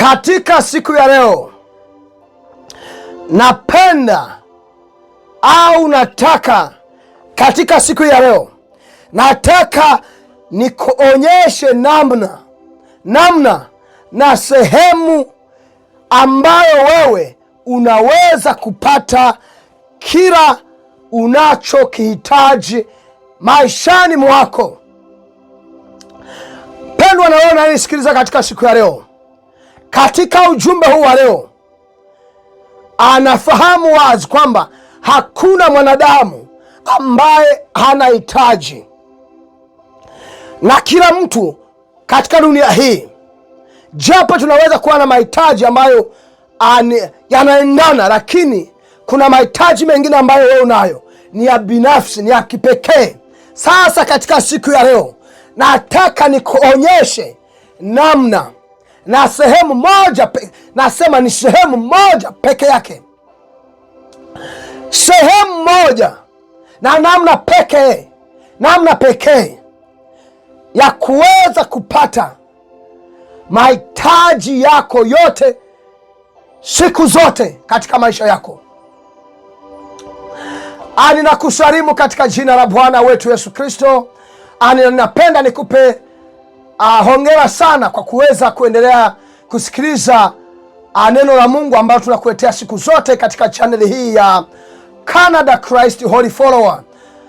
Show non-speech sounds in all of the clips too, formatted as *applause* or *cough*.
Katika siku ya leo napenda au nataka, katika siku ya leo nataka nikuonyeshe namna namna na sehemu ambayo wewe unaweza kupata kila unachokihitaji maishani mwako. Pendwa na wewe unanisikiliza katika siku ya leo katika ujumbe huu wa leo, anafahamu wazi kwamba hakuna mwanadamu ambaye anahitaji, na kila mtu katika dunia hii, japo tunaweza kuwa na mahitaji ambayo yanaendana, lakini kuna mahitaji mengine ambayo wewe unayo ni ya binafsi, ni ya kipekee. Sasa katika siku ya leo, nataka nikuonyeshe namna na sehemu moja pe, nasema ni sehemu moja peke yake, sehemu moja na namna pekee, namna pekee ya kuweza kupata mahitaji yako yote siku zote katika maisha yako. Ani na kusalimu katika jina la Bwana wetu Yesu Kristo. Ani napenda nikupe Uh, hongera sana kwa kuweza kuendelea kusikiliza uh, neno la Mungu ambalo tunakuletea siku zote katika chaneli hii ya Canada Christ Holy Follower,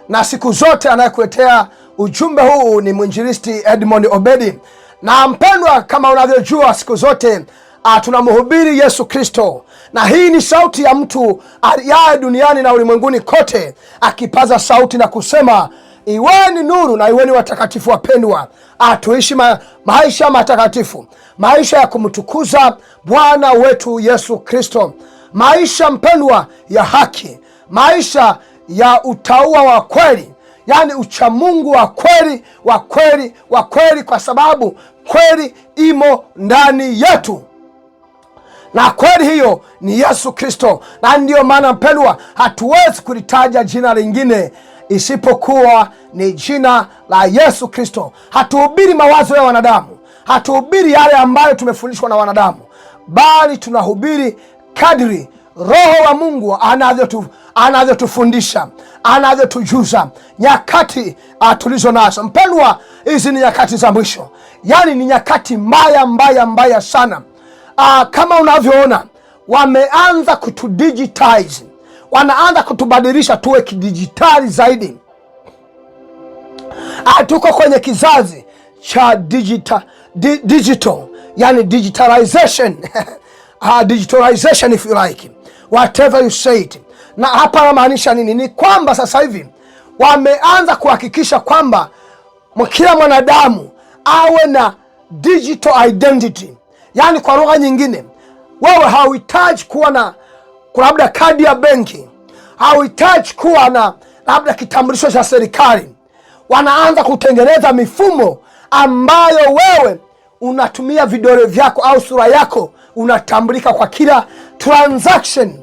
na siku zote anayekuletea ujumbe huu ni mwinjilisti Edmond Obedi. Na mpendwa, kama unavyojua siku zote uh, tunamhubiri Yesu Kristo, na hii ni sauti ya mtu aliaye duniani na ulimwenguni kote, akipaza sauti na kusema Iweni nuru na iweni watakatifu wapendwa, atuishi ma, maisha matakatifu, maisha ya kumtukuza Bwana wetu Yesu Kristo, maisha mpendwa ya haki, maisha ya utaua wa kweli, yaani uchamungu wa kweli wa kweli wa kweli, kwa sababu kweli imo ndani yetu na kweli hiyo ni Yesu Kristo, na ndiyo maana mpendwa, hatuwezi kulitaja jina lingine isipokuwa ni jina la Yesu Kristo. Hatuhubiri mawazo ya wanadamu, hatuhubiri yale ambayo tumefundishwa na wanadamu, bali tunahubiri kadri Roho wa Mungu anavyotufundisha, anavyotujuza nyakati ah, tulizo nazo. Mpendwa, hizi ni nyakati za mwisho, yaani ni nyakati mbaya mbaya mbaya sana. Aa, ah, kama unavyoona wameanza kutudigitize wanaanza kutubadilisha tuwe kidijitali zaidi. Ah, tuko kwenye kizazi cha digital, di, digital yani digitalization uh, *laughs* digitalization if you like whatever you say it. Na hapa namaanisha nini? Ni kwamba sasa hivi wameanza kuhakikisha kwamba kila mwanadamu awe na digital identity, yani kwa lugha nyingine, wewe hauhitaji kuwa na labda kadi ya benki, hauhitaji kuwa na labda kitambulisho cha serikali. Wanaanza kutengeneza mifumo ambayo wewe unatumia vidole vyako au sura yako, unatambulika kwa kila transaction.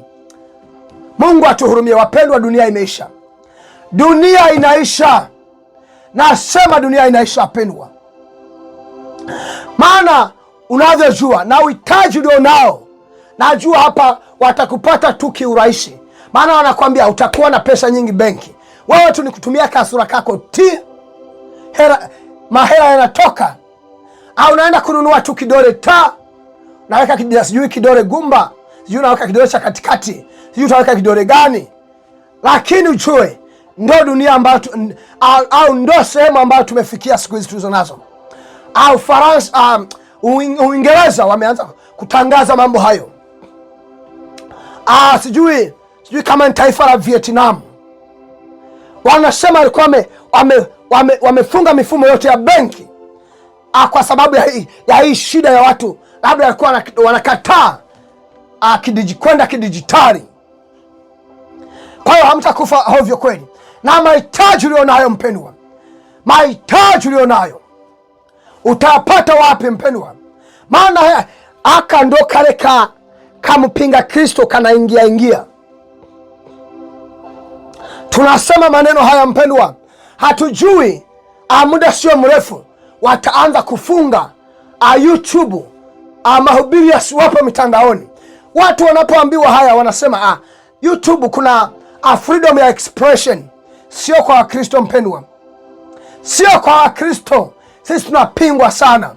Mungu atuhurumie wapendwa, dunia imeisha, dunia inaisha. Nasema dunia inaisha wapendwa, maana unavyojua na uhitaji ulio nao Najua hapa watakupata tu kiurahisi, maana wanakwambia utakuwa na pesa nyingi benki. Wewe tu ni kutumia kasura kako ti hera, mahera yanatoka, au naenda kununua tu kidole ta naweka sijui kidole gumba sijui naweka kidole cha katikati sijui utaweka kidole gani, lakini ujue ndo dunia ambayo au, au ndo sehemu ambayo tumefikia siku hizi tulizo nazo. Au Faransa, um, Uingereza wameanza kutangaza mambo hayo ah, sijui sijui kama ni taifa la Vietnam, wanasema walikuwa wame, wame, wamefunga mifumo yote ya benki ah, kwa sababu ya hii, ya hii shida ya watu labda walikuwa wanakataa ah, kidiji, kwenda kidijitali. Kwa hiyo hamtakufa hovyo kweli, na mahitaji ulionayo mpendwa, mahitaji ulionayo utapata wapi mpendwa? Maana aka ndo kale ka kamupinga Kristo kanaingia ingia. Tunasema maneno haya mpendwa, hatujui ah, muda sio mrefu wataanza kufunga a ah, YouTube a ah, mahubiri yasiwapo mitandaoni. Watu wanapoambiwa haya wanasema a, YouTube kuna a freedom ya expression. Sio kwa Wakristo mpendwa, sio kwa Wakristo. Sisi tunapingwa sana.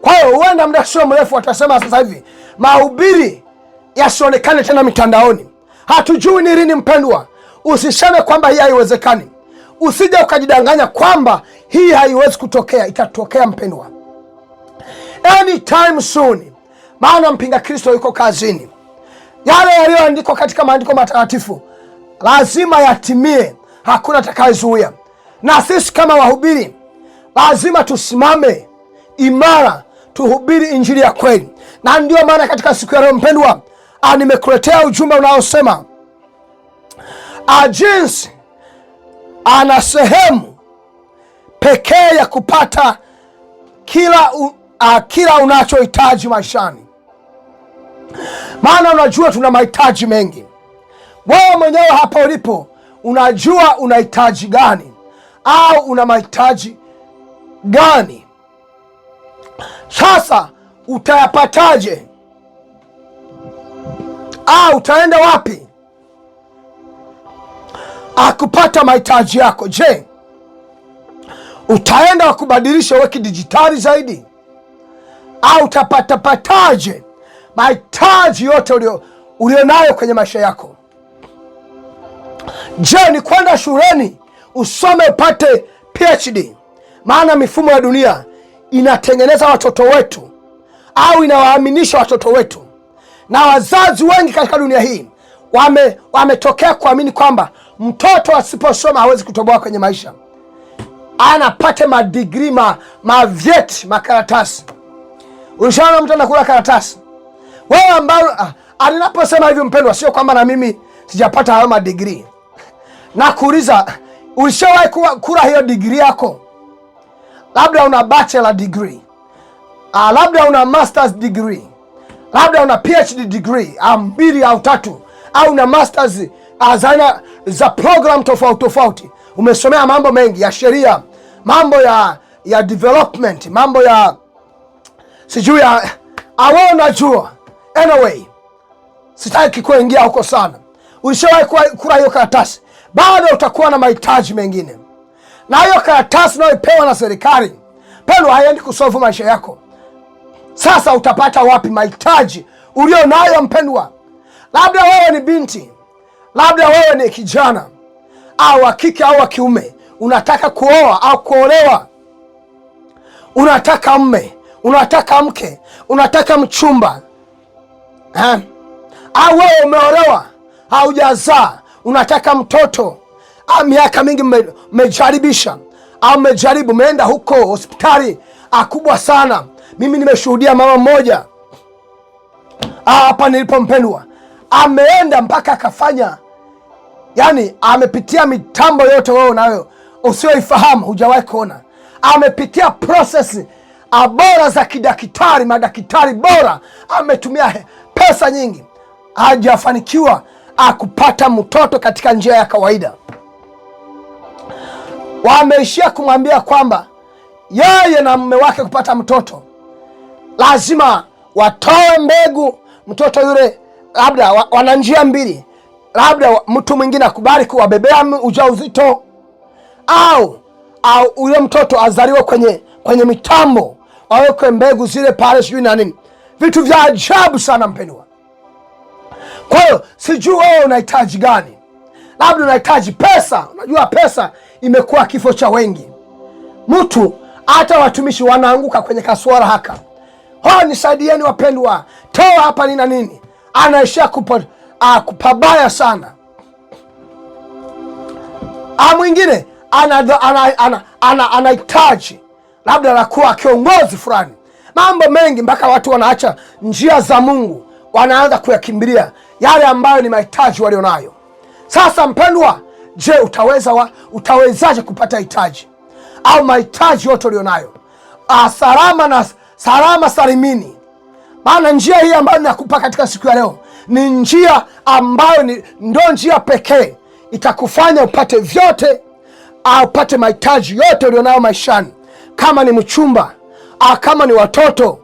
Kwa hiyo huenda muda sio mrefu watasema sasa hivi mahubiri yasionekane tena mitandaoni. Hatujui ni lini, mpendwa. Usiseme kwamba hii haiwezekani, usije ukajidanganya kwamba hii haiwezi kutokea. Itatokea mpendwa, anytime soon, maana mpinga Kristo yuko kazini. Yale yaliyoandikwa katika maandiko matakatifu lazima yatimie, hakuna atakayezuia. Na sisi kama wahubiri lazima tusimame imara tuhubiri injili ya kweli. Na ndiyo maana katika siku ya leo mpendwa, ah, nimekuletea ujumbe unaosema ah, jinsi ana ah, sehemu pekee ya kupata kila, a, kila unachohitaji maishani. Maana unajua tuna mahitaji mengi. Wewe mwenyewe hapa ulipo unajua unahitaji gani, au una mahitaji gani? Sasa utayapataje? Ah, utaenda wapi akupata mahitaji yako? Je, utaenda wakubadilisha uwe kidijitali zaidi, au utapatapataje mahitaji yote ulio ulionayo kwenye maisha yako? Je, ni kwenda shuleni usome upate PhD? Maana mifumo ya dunia inatengeneza watoto wetu au inawaaminisha watoto wetu, na wazazi wengi katika dunia hii wame wametokea kuamini kwamba mtoto asiposoma hawezi kutoboa kwenye maisha, anapate madigrii ma mavyeti makaratasi. Ulishaona mtu anakula karatasi? Wewe ambao ah, alinaposema hivyo, mpendwa, sio kwamba na mimi sijapata hayo madigrii. Nakuuliza, ulishawahi kula hiyo digri yako? labda una bachelor degree uh, labda una masters degree labda una phd degree ah, mbili au tatu au na masters uh, ah, zana za program tofauti tofauti, umesomea mambo mengi ya sheria, mambo ya ya development, mambo ya sijui ya awe unajua. Anyway, sitaki kuingia huko sana. Ulishawahi kula hiyo karatasi, bado utakuwa na mahitaji mengine na hiyo karatasi unayopewa na serikali pelo haiendi kusovu maisha yako. Sasa utapata wapi mahitaji ulio nayo mpendwa? Labda wewe ni binti, labda wewe ni kijana au wa kike au wa kiume, unataka kuoa au kuolewa, unataka mme, unataka mke, unataka mchumba ha? Eh? au wewe umeolewa haujazaa, unataka mtoto Ah, miaka mingi mmejaribisha me, au mmejaribu mmeenda huko hospitali ah, kubwa sana. Mimi nimeshuhudia mama mmoja ah, hapa nilipompendwa, ameenda mpaka akafanya, yani amepitia mitambo yote wewe unayo usioifahamu hujawahi kuona. Amepitia prosesi bora za kidaktari, madaktari bora, ametumia pesa nyingi, hajafanikiwa akupata mtoto katika njia ya kawaida wameishia kumwambia kwamba yeye na mume wake kupata mtoto lazima watoe mbegu. Mtoto yule labda wana njia mbili, labda mtu mwingine akubali kuwabebea ujauzito au au ule mtoto azaliwe kwenye kwenye mitambo wawekwe mbegu zile pale, sijui na nini, vitu vya ajabu sana mpendwa. Kwa hiyo sijui wewe unahitaji gani, labda unahitaji pesa. Unajua pesa imekuwa kifo cha wengi. Mtu hata watumishi wanaanguka kwenye kasuara haka. Ho, nisaidieni wapendwa, toa hapa nina nini, anaishia ah, kupabaya sana. A, ah, mwingine anahitaji ana, ana, ana, ana labda anakuwa kiongozi fulani, mambo mengi mpaka watu wanaacha njia za Mungu, wanaanza kuyakimbilia yale ambayo ni mahitaji walionayo. Sasa mpendwa Je, utaweza wa, utawezaje kupata hitaji au mahitaji yote ulionayo? Ah, salama na salama salimini, maana njia hii ambayo ninakupa katika siku ya leo ni njia ambayo ni, ndo njia pekee itakufanya upate vyote au upate mahitaji yote ulionayo maishani, kama ni mchumba au ah, kama ni watoto au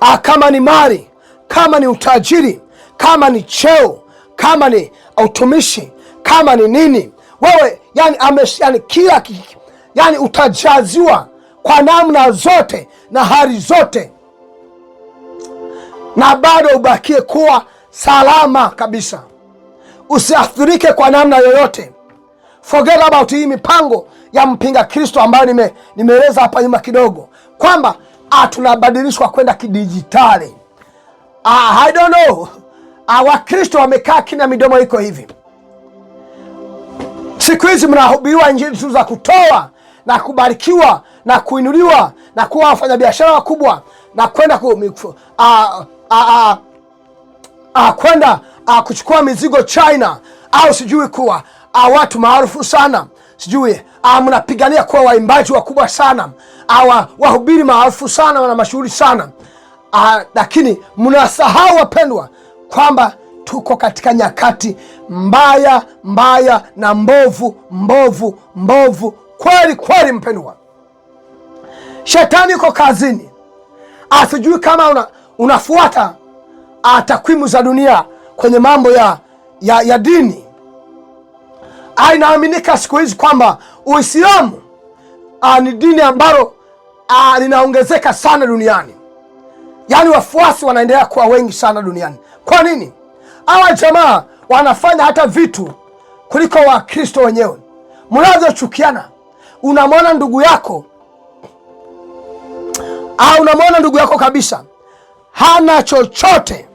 ah, kama ni mali, kama ni utajiri, kama ni cheo, kama ni utumishi kama ni nini wewe yani, amesh, yani, kila yani utajaziwa kwa namna zote na hali zote, na bado ubakie kuwa salama kabisa, usiathirike kwa namna yoyote. Forget about hii mipango ya mpinga Kristo ambayo nime, nimeeleza hapa nyuma kidogo kwamba ah, tunabadilishwa kwenda kidijitali. Ah, I don't know, ah, Wakristo wamekaa kina midomo iko hivi Siku hizi mnahubiriwa injili tu za kutoa na kubarikiwa na kuinuliwa na kuwa wafanyabiashara wakubwa na kwenda ku, kwenda kuchukua mizigo China au sijui kuwa a, watu maarufu sana sijui mnapigania kuwa waimbaji wakubwa sana au wahubiri maarufu sana na mashuhuri sana a, lakini mnasahau wapendwa, kwamba Tuko katika nyakati mbaya mbaya na mbovu mbovu mbovu kweli kweli, mpendwa. Shetani yuko kazini, asijui kama una, unafuata ah, takwimu za dunia kwenye mambo ya, ya, ya dini. Inaaminika siku hizi kwamba Uislamu ah, ni dini ambalo ah, linaongezeka sana duniani, yaani wafuasi wanaendelea kuwa wengi sana duniani. Kwa nini? hawa jamaa wanafanya hata vitu kuliko Wakristo wenyewe mnavyochukiana. Unamwona ndugu yako au ah, unamwona ndugu yako kabisa hana chochote,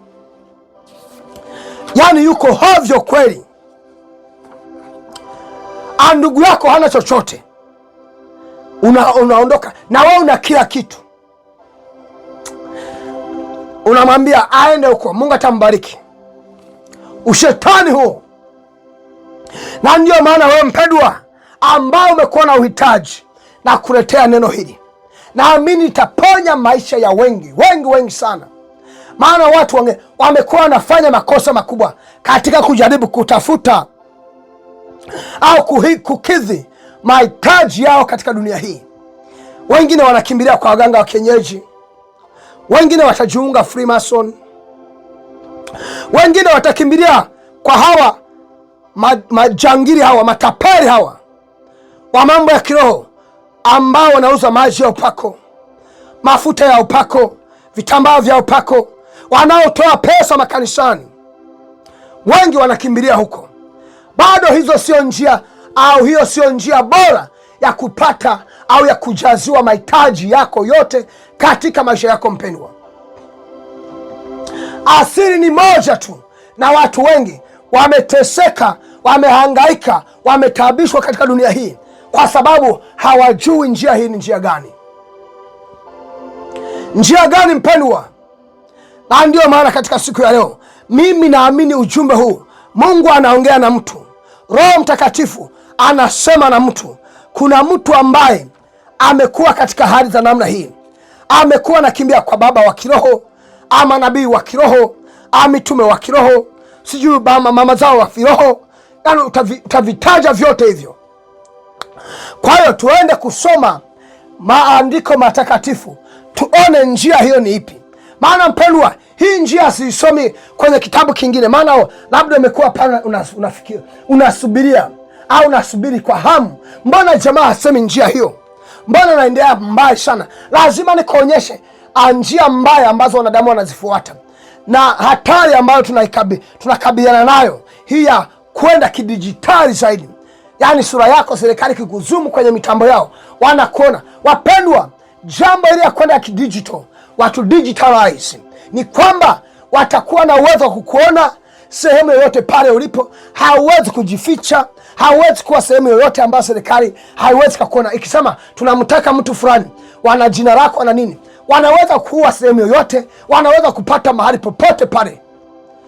yaani yuko hovyo kweli, a ah, ndugu yako hana chochote, una, unaondoka na wewe una kila kitu, unamwambia aende huko, Mungu atambariki ushetani huo. Na ndiyo maana wewe mpendwa, ambao umekuwa na uhitaji na kuletea neno hili, naamini itaponya maisha ya wengi wengi wengi sana, maana watu wamekuwa wanafanya makosa makubwa katika kujaribu kutafuta au kukidhi mahitaji yao katika dunia hii. Wengine wanakimbilia kwa waganga wa kienyeji, wengine watajiunga Freemason wengine watakimbilia kwa hawa majangili hawa matapeli hawa wa mambo ya kiroho ambao wanauza maji ya upako, mafuta ya upako, vitambaa vya upako, wanaotoa pesa makanisani. Wengi wanakimbilia huko. Bado hizo sio njia, au hiyo sio njia bora ya kupata au ya kujaziwa mahitaji yako yote katika maisha yako mpendwa. Asili ni moja tu, na watu wengi wameteseka, wamehangaika, wametaabishwa katika dunia hii kwa sababu hawajui njia hii ni njia gani. Njia gani, mpendwa? Na ndiyo maana katika siku ya leo mimi naamini ujumbe huu, Mungu anaongea na mtu, Roho Mtakatifu anasema na mtu. Kuna mtu ambaye amekuwa katika hali za namna hii, amekuwa anakimbia kwa baba wa kiroho ama nabii wa kiroho ama mitume wa kiroho sijui baba mama zao wa kiroho yani utavitaja vyote hivyo. Kwa hiyo tuende kusoma maandiko matakatifu tuone njia hiyo ni ipi. Maana mpendwa, hii njia siisomi kwenye kitabu kingine, maana labda umekuwa pale unafikiria, unasubiria au unasubiri kwa hamu, mbona jamaa asemi njia hiyo? Mbona naendea mbaya sana? Lazima nikuonyeshe njia mbaya ambazo wanadamu wanazifuata na hatari ambayo tunakabiliana nayo hii ya kwenda kidijitali zaidi, yaani sura yako serikali kikuzumu kwenye mitambo yao wanakuona. Wapendwa, jambo hili ya kwenda ya watu digitalize, ni kwamba watakuwa na uwezo wa kukuona sehemu yoyote pale ulipo, hauwezi kujificha, hauwezi kuwa sehemu yoyote ambayo serikali haiwezi kakuona. Ikisema tunamtaka mtu fulani, wana jina lako, wana nini wanaweza kuwa sehemu yoyote, wanaweza kupata mahali popote pale,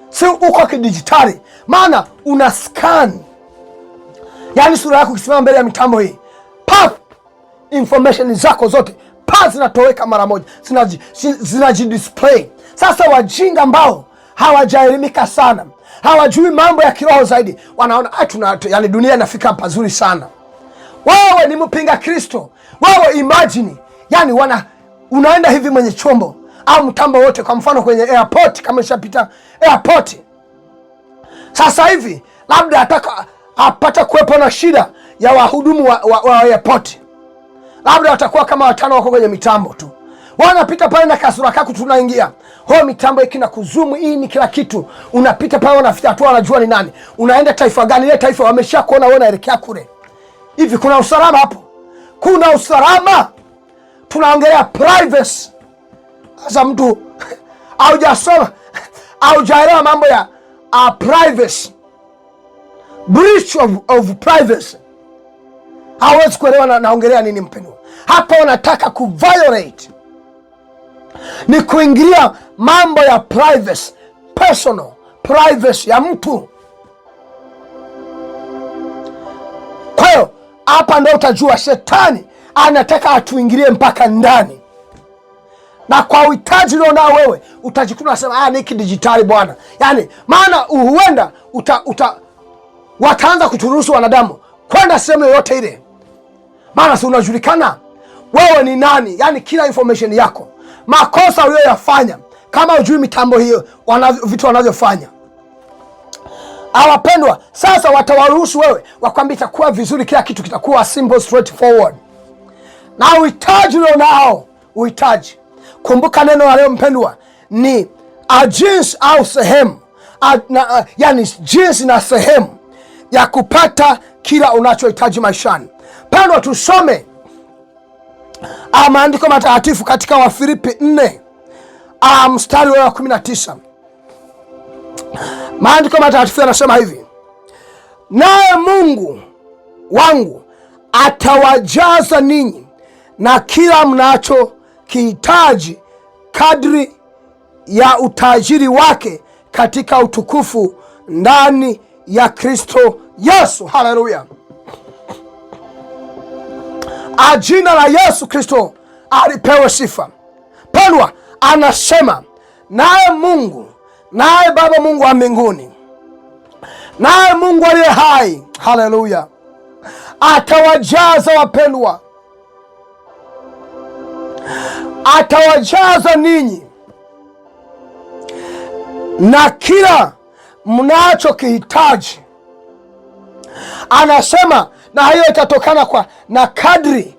si uko kidijitali, maana una scan, yaani sura yako ukisimama mbele ya mitambo hii, pap, information zako zote pa zinatoweka mara moja, zinajidisplay. Sasa wajinga ambao hawajaelimika sana, hawajui mambo ya kiroho zaidi, wanaona ah, yani dunia inafika pazuri sana. Wewe ni mpinga Kristo, wewe imajini, yani wana unaenda hivi mwenye chombo au mtambo wote, kwa mfano kwenye airport, kama ishapita airport sasa hivi, labda ataka apata kuwepo na shida ya wahudumu wa, wa, wa airport, labda watakuwa kama watano wako kwenye mitambo tu wanapita pale na kasura kaku, tunaingia ho mitambo ikina kuzumu hii ni kila kitu, unapita pale wanafika tu, wanajua ni nani, unaenda taifa gani, ile taifa wameshakuona wewe unaelekea kule. Hivi kuna usalama hapo? Kuna usalama? tunaongelea privacy. Sasa mtu haujasoma haujaelewa mambo ya uh, privacy, breach of, of privacy, hawezi kuelewa na, naongelea nini mpendwa hapa. Wanataka ku violate ni kuingilia mambo ya privacy, personal privacy ya mtu. Kwa hiyo hapa ndo utajua shetani anataka atuingilie mpaka ndani, na kwa uhitaji ulionao wewe utajikuta unasema ah, ni kidijitali bwana, yani maana huenda uta, uta, wataanza kuturuhusu wanadamu kwenda sehemu yoyote ile, maana si unajulikana wewe ni nani, yani kila information yako, makosa uliyoyafanya, kama ujui mitambo hiyo wanavyo, vitu wanavyofanya awapendwa. Sasa watawaruhusu wewe wakwambia, itakuwa vizuri, kila kitu kitakuwa simple straightforward na uhitaji ulionao uhitaji. Kumbuka neno la leo mpendwa ni a jinsi au sehemu na, yani jinsi na sehemu ya kupata kila unachohitaji maishani. Pendwa, tusome maandiko matakatifu katika Wafilipi 4 mstari wa 19. Maandiko matakatifu yanasema hivi, naye Mungu wangu atawajaza ninyi na kila mnacho kihitaji kadri ya utajiri wake katika utukufu ndani ya Kristo Yesu. Haleluya! Ajina la Yesu Kristo alipewe sifa. Pendwa, anasema naye Mungu, naye Baba Mungu wa mbinguni, naye Mungu aliye hai, haleluya, atawajaza wapendwa atawajaza ninyi na kila mnachokihitaji. Anasema na hiyo itatokana kwa na kadri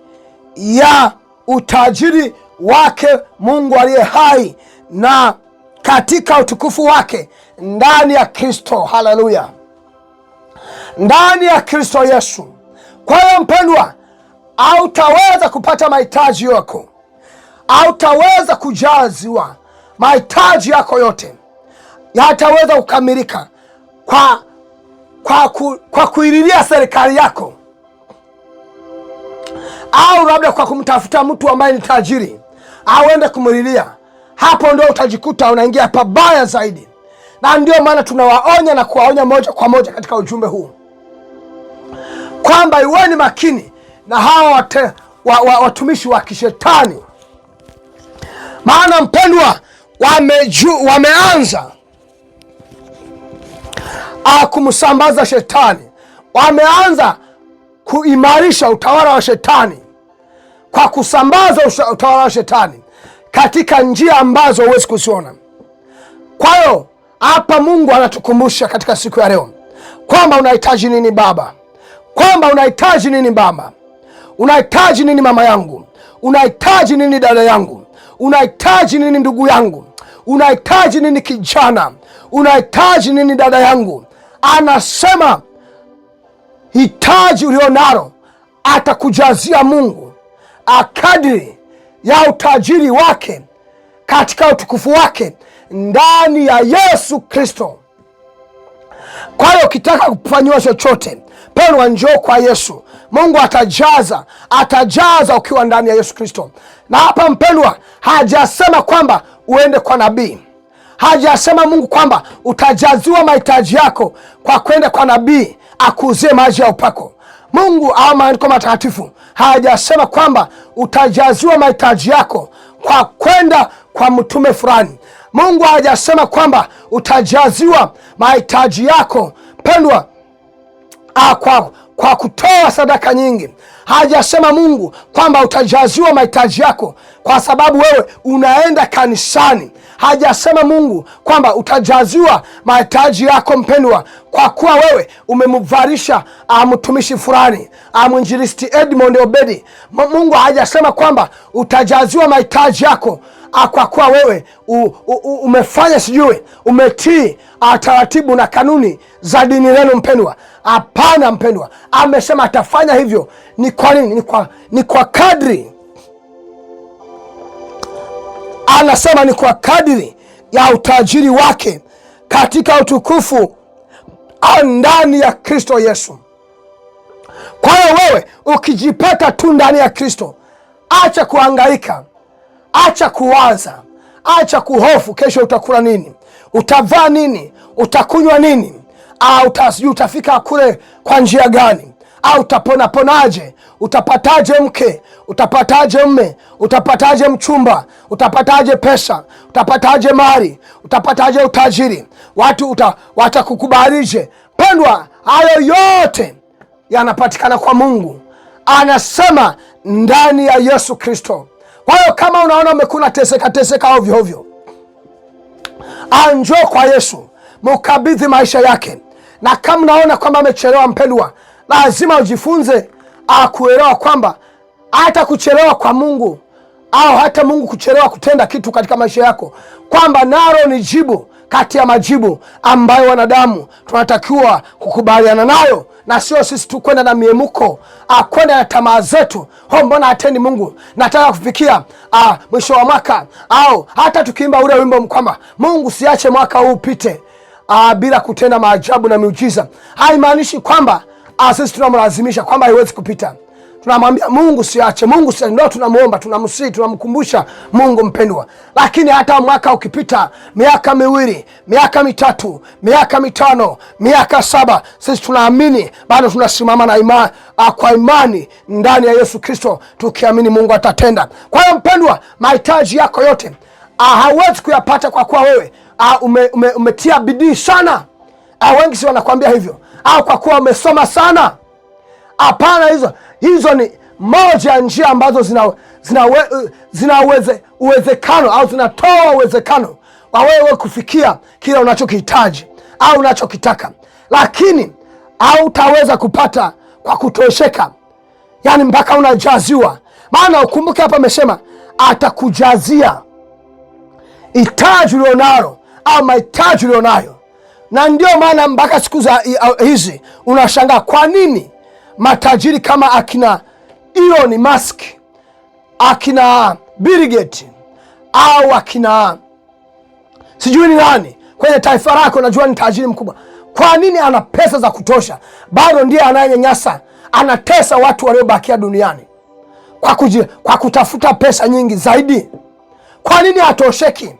ya utajiri wake Mungu aliye hai na katika utukufu wake ndani ya Kristo. Haleluya, ndani ya Kristo Yesu. Kwa hiyo mpendwa, hautaweza kupata mahitaji yako hautaweza kujaziwa mahitaji yako yote, hataweza kukamilika kwa, kwa, ku, kwa kuililia serikali yako au labda kwa kumtafuta mtu ambaye ni tajiri auende kumlilia. Hapo ndio utajikuta unaingia pabaya zaidi, na ndio maana tunawaonya na kuwaonya moja kwa moja katika ujumbe huu kwamba iweni makini na hawa watumishi wa kishetani. Maana mpendwa, wameanza wameanza ah, kumsambaza shetani, wameanza kuimarisha utawala wa shetani kwa kusambaza utawala wa shetani katika njia ambazo huwezi kuziona. Kwa hiyo hapa Mungu anatukumbusha katika siku ya leo kwamba unahitaji nini baba, kwamba unahitaji nini baba, unahitaji nini mama yangu, unahitaji nini dada yangu Unahitaji nini ndugu yangu? Unahitaji nini kijana? Unahitaji nini dada yangu? Anasema hitaji ulionalo atakujazia Mungu akadiri ya utajiri wake katika utukufu wake ndani ya Yesu Kristo. Kwa hiyo ukitaka kufanyiwa chochote, pendwa, njoo kwa Yesu. Mungu atajaza, atajaza ukiwa ndani ya Yesu Kristo. Na hapa mpendwa, hajasema kwamba uende kwa nabii hajasema Mungu kwamba utajaziwa mahitaji yako kwa kwenda kwa nabii akuuzie maji ya upako. Mungu au maandiko matakatifu hajasema kwamba utajaziwa mahitaji yako kwa kwenda kwa mtume fulani. Mungu hajasema kwamba utajaziwa mahitaji yako pendwa, kwa kwa kutoa sadaka nyingi. Hajasema Mungu kwamba utajaziwa mahitaji yako kwa sababu wewe unaenda kanisani. Hajasema Mungu kwamba utajaziwa mahitaji yako mpendwa, kwa kuwa wewe umemvarisha ah, mtumishi fulani, ah, mwinjilisti Edmond Obedi. Mungu hajasema kwamba utajaziwa mahitaji yako Ah, kwa kuwa wewe u, u, umefanya sijui umetii ah, taratibu na kanuni za dini lenu. Mpendwa, hapana mpendwa, amesema atafanya hivyo. Ni kwa nini? Ni kwa, ni kwa kadri anasema ni kwa kadri ya utajiri wake katika utukufu ah, ndani ya Kristo Yesu. Kwa hiyo wewe ukijipata tu ndani ya Kristo, acha kuangaika Acha kuwaza, acha kuhofu kesho utakula nini, utavaa nini, utakunywa nini, au sijui utafika kule kwa njia gani, au utaponaponaje, utapataje mke, utapataje mme, utapataje mchumba, utapataje pesa, utapataje mali, utapataje utajiri, watu watakukubalije? Pendwa, hayo yote yanapatikana kwa Mungu, anasema ndani ya Yesu Kristo. Kwa hiyo kama unaona umekuna teseka teseka ovyo ovyo, anjo kwa Yesu mukabidhi maisha yake, na kama unaona kwamba amechelewa, mpendwa, lazima ujifunze akuelewa kwamba hata kuchelewa kwa Mungu au hata Mungu kuchelewa kutenda kitu katika maisha yako, kwamba nalo ni jibu kati ya majibu ambayo wanadamu tunatakiwa kukubaliana nayo, na sio sisi tu kwenda na miemuko ah, kwenda na tamaa zetu. Ho, mbona ateni Mungu, nataka kufikia a, ah, mwisho wa mwaka au hata tukiimba ule wimbo kwamba Mungu siache mwaka huu upite ah, bila kutenda maajabu na miujiza, haimaanishi kwamba sisi tunamlazimisha kwamba haiwezi kupita tunamwambia Mungu siache, Mungu si ndio tunamuomba, tunamsii, tunamkumbusha Mungu mpendwa. Lakini hata mwaka ukipita, miaka miwili, miaka mitatu, miaka mitano, miaka saba, sisi tunaamini bado tunasimama na ima, ah, kwa imani ndani ya Yesu Kristo, tukiamini Mungu atatenda. Kwa hiyo mpendwa, mahitaji yako yote ah, hauwezi kuyapata kwa kuwa wewe ah, ume, ume, umetia bidii sana. Wengi si wanakuambia hivyo, au kwa kuwa umesoma sana Hapana, hizo hizo ni moja ya njia ambazo zina zina uwezekano au zinatoa uwezekano wa wewe kufikia kile unachokihitaji au unachokitaka, lakini hautaweza kupata kwa kutosheka, yani mpaka unajaziwa. Maana ukumbuke hapa amesema atakujazia hitaji ulionalo au mahitaji ulionayo, na ndio maana mpaka siku za uh, hizi unashangaa kwa nini matajiri kama akina Elon Musk, akina Bill Gates au akina sijui ni nani kwenye taifa lako, najua ni tajiri mkubwa. Kwa nini ana pesa za kutosha, bado ndiye anayenyanyasa, anatesa watu waliobakia duniani kwa, kujia, kwa kutafuta pesa nyingi zaidi? Kwa nini hatosheki?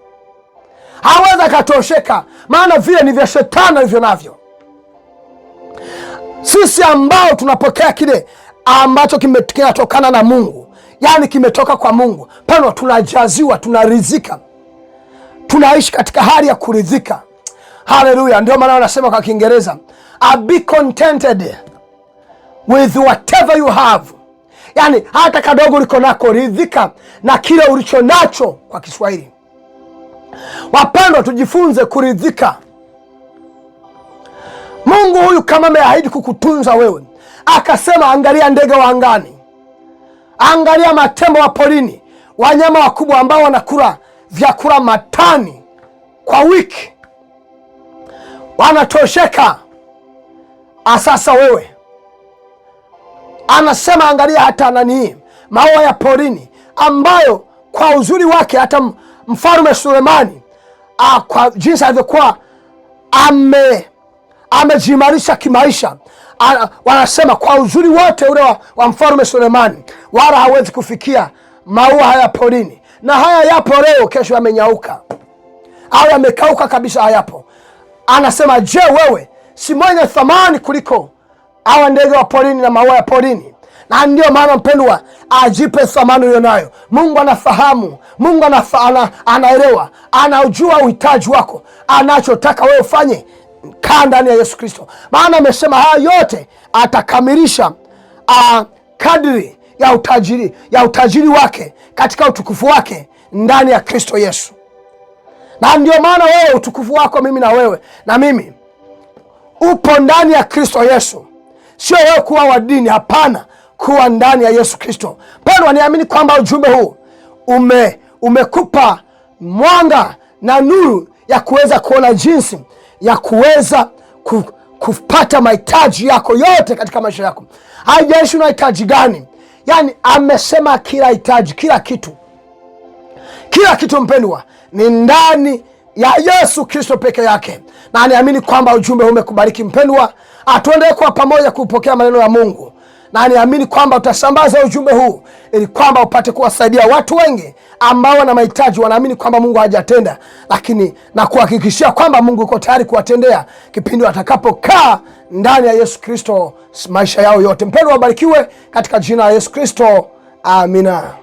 Hawezi akatosheka, maana vile ni vya shetani alivyo navyo sisi ambao tunapokea kile ambacho kinatokana na Mungu, yaani kimetoka kwa Mungu, pano tunajaziwa, tunarizika, tunaishi katika hali ya kuridhika. Haleluya! Ndio maana wanasema kwa Kiingereza, uh, be contented with whatever you have, yaani hata kadogo uliko nako, ridhika na kile ulicho nacho, kwa Kiswahili. Wapendwa, tujifunze kuridhika Mungu huyu kama ameahidi kukutunza wewe, akasema angalia ndege wa angani, angalia matembo wa porini, wanyama wakubwa ambao wanakula vyakula matani kwa wiki, wanatosheka. Asasa ah, wewe anasema angalia hata nanii maua ya porini ambayo kwa uzuri wake hata mfalume Sulemani ah, kwa jinsi alivyokuwa ame amejiimarisha kimaisha. Wanasema kwa uzuri wote ule wa, wa mfalme Sulemani, wala hawezi kufikia maua haya porini. Na haya yapo leo, kesho yamenyauka au yamekauka kabisa, hayapo. Anasema, je, wewe si mwenye thamani kuliko hawa ndege wa porini na maua ya porini? Na ndio maana mpendwa, ajipe thamani nayo. Mungu anafahamu, Mungu anaelewa, anajua anaujua uhitaji wako, anachotaka wewe ufanye Kaa ndani ya Yesu Kristo, maana amesema haya yote atakamilisha uh, kadri ya utajiri, ya utajiri wake katika utukufu wake ndani ya Kristo Yesu. Na ndio maana wewe utukufu wako mimi na wewe na mimi upo ndani ya Kristo Yesu, sio wewe kuwa wa dini, hapana, kuwa ndani ya Yesu Kristo. Pendwa, niamini kwamba ujumbe huu ume umekupa mwanga na nuru ya kuweza kuona jinsi ya kuweza kupata mahitaji yako yote katika maisha yako. Haijalishi hitaji gani, yani amesema kila hitaji, kila kitu, kila kitu mpendwa, ni ndani ya Yesu Kristo peke yake, na niamini kwamba ujumbe umekubariki mpendwa. Atuendelee ah, kuwa pamoja kupokea maneno ya Mungu na niamini kwamba utasambaza ujumbe huu ili kwamba upate kuwasaidia watu wengi ambao wana mahitaji, wanaamini kwamba Mungu hajatenda, lakini na kuhakikishia kwamba Mungu uko tayari kuwatendea kipindi watakapokaa ndani ya Yesu Kristo maisha yao yote. Mpendwa, wabarikiwe katika jina la Yesu Kristo, amina.